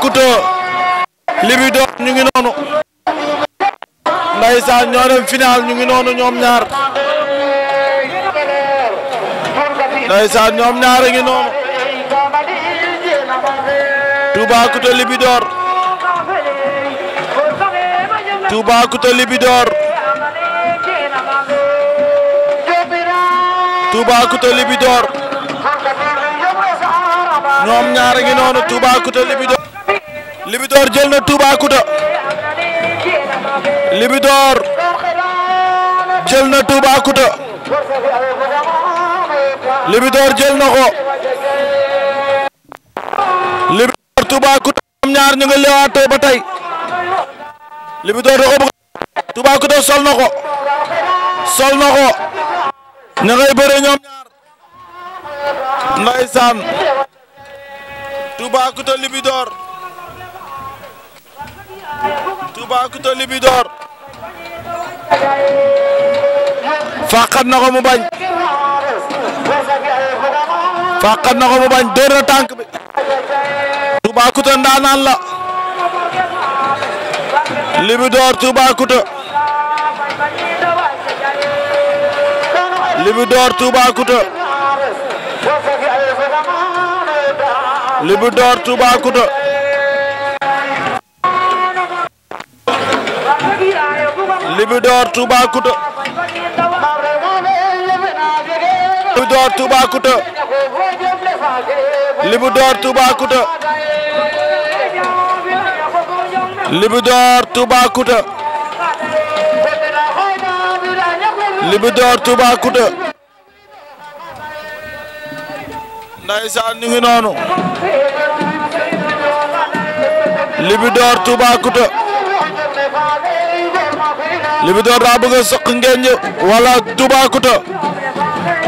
Couture Libidor ñu ngi noonu ndeysaan ñoo dem final ñu ngi noonu ñoom ñaar ndeysaan ñoom ñaar a ngi noonu Toubacouta Libidor Toubacouta Libidor Toubacouta Libidor ñoom ñaar a ngi noonu Toubacouta Libidor Libidor jël na Toubacouta Libidor jël na Toubacouta Libidor jël na ko Libidor Toubacouta am ñaar ñu ba tey Libidor da ko sol na ko sol na ko ña ngay ñoom ñaar ndeysaan Toubacouta Libidor Toubacouta Libidor faqat na ko faqat na ko mu na tànk bi Toubacouta ndaanaan la Libidor Toubacouta Libidor Toubacouta Libidor Toubacouta Libidor Toubacouta Libidor Toubacouta Libidor noonu Libidor daa bëgg a sëq ngeeñ wala Toubacouta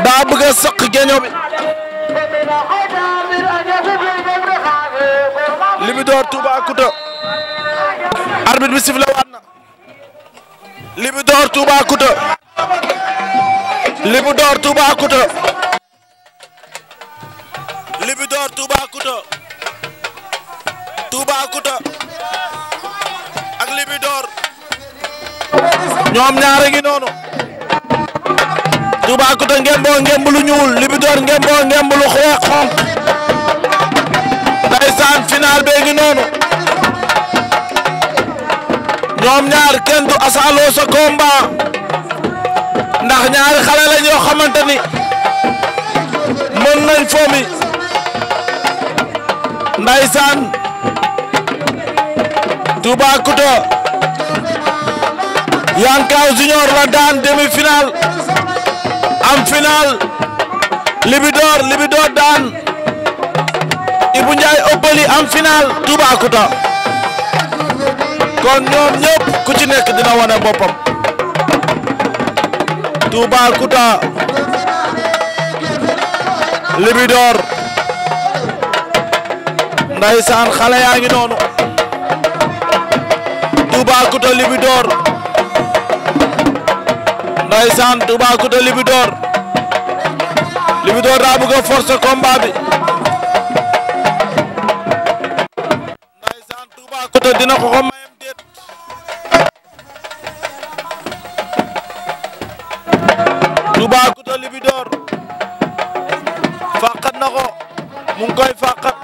daa bëgg a sëq ngeeñoo Libidor Toubacouta arbitre bi sifflé waat na Libidor Toubacouta Libidor Toubacouta Libidor Toubacouta Toubacouta ak Libidor ñoom ñaar ngi noonu Toubacouta ngemboo ngemb lu ñuul Libidor ngemboo ngemb lu xonq ndeysaan final bee ngi noonu ñoom ñaar kenn du asaaloo sa combat ndax ñaari xale la ñoo mën nañ foomi ndeysaan Toubacouta Yankaw Junior la daan demi-finale am finale Libidor Libidor daan Ibou Ndiaye am finale Toubacouta kon ñoom ñëpp ku ci nekk dina wane boppam Toubacouta Libidor ndaysaan xale yaa ngi noonu Toubacouta Libidor ndaysaan Toubacouta Libidor Libidor daa bëgg a forcer combat bi ndaysaan Toubacouta dina ko ko mayem déet Toubacouta Libidor fàqat na ko mu koy fàqat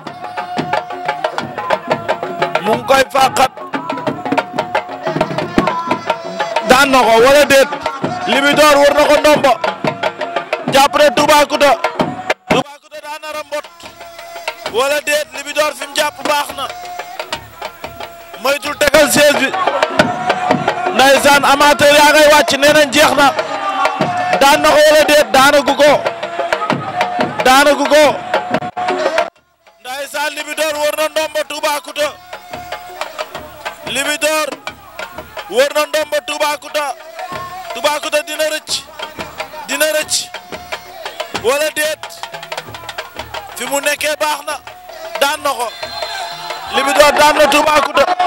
mu koy fàqat daan na ko wala déet Libidor wër na ko ndomba jàpp na Toubacouta Toubacouta daa nar a mbot wala déet Libidor fi mu baax na moytul tegal sees bi ndaysaan amateur yaa ngay wàcc nee nañ jeex na daan na ko wala déet daana gu daana gu ko ndaysaan Libidor wër na ndomba Toubacouta Libidor wër na ndomba Toubacouta Toubacouta dina rëcc dina rëcc wala déet fi mu nekkee baax na daan na ko daan na Toubacouta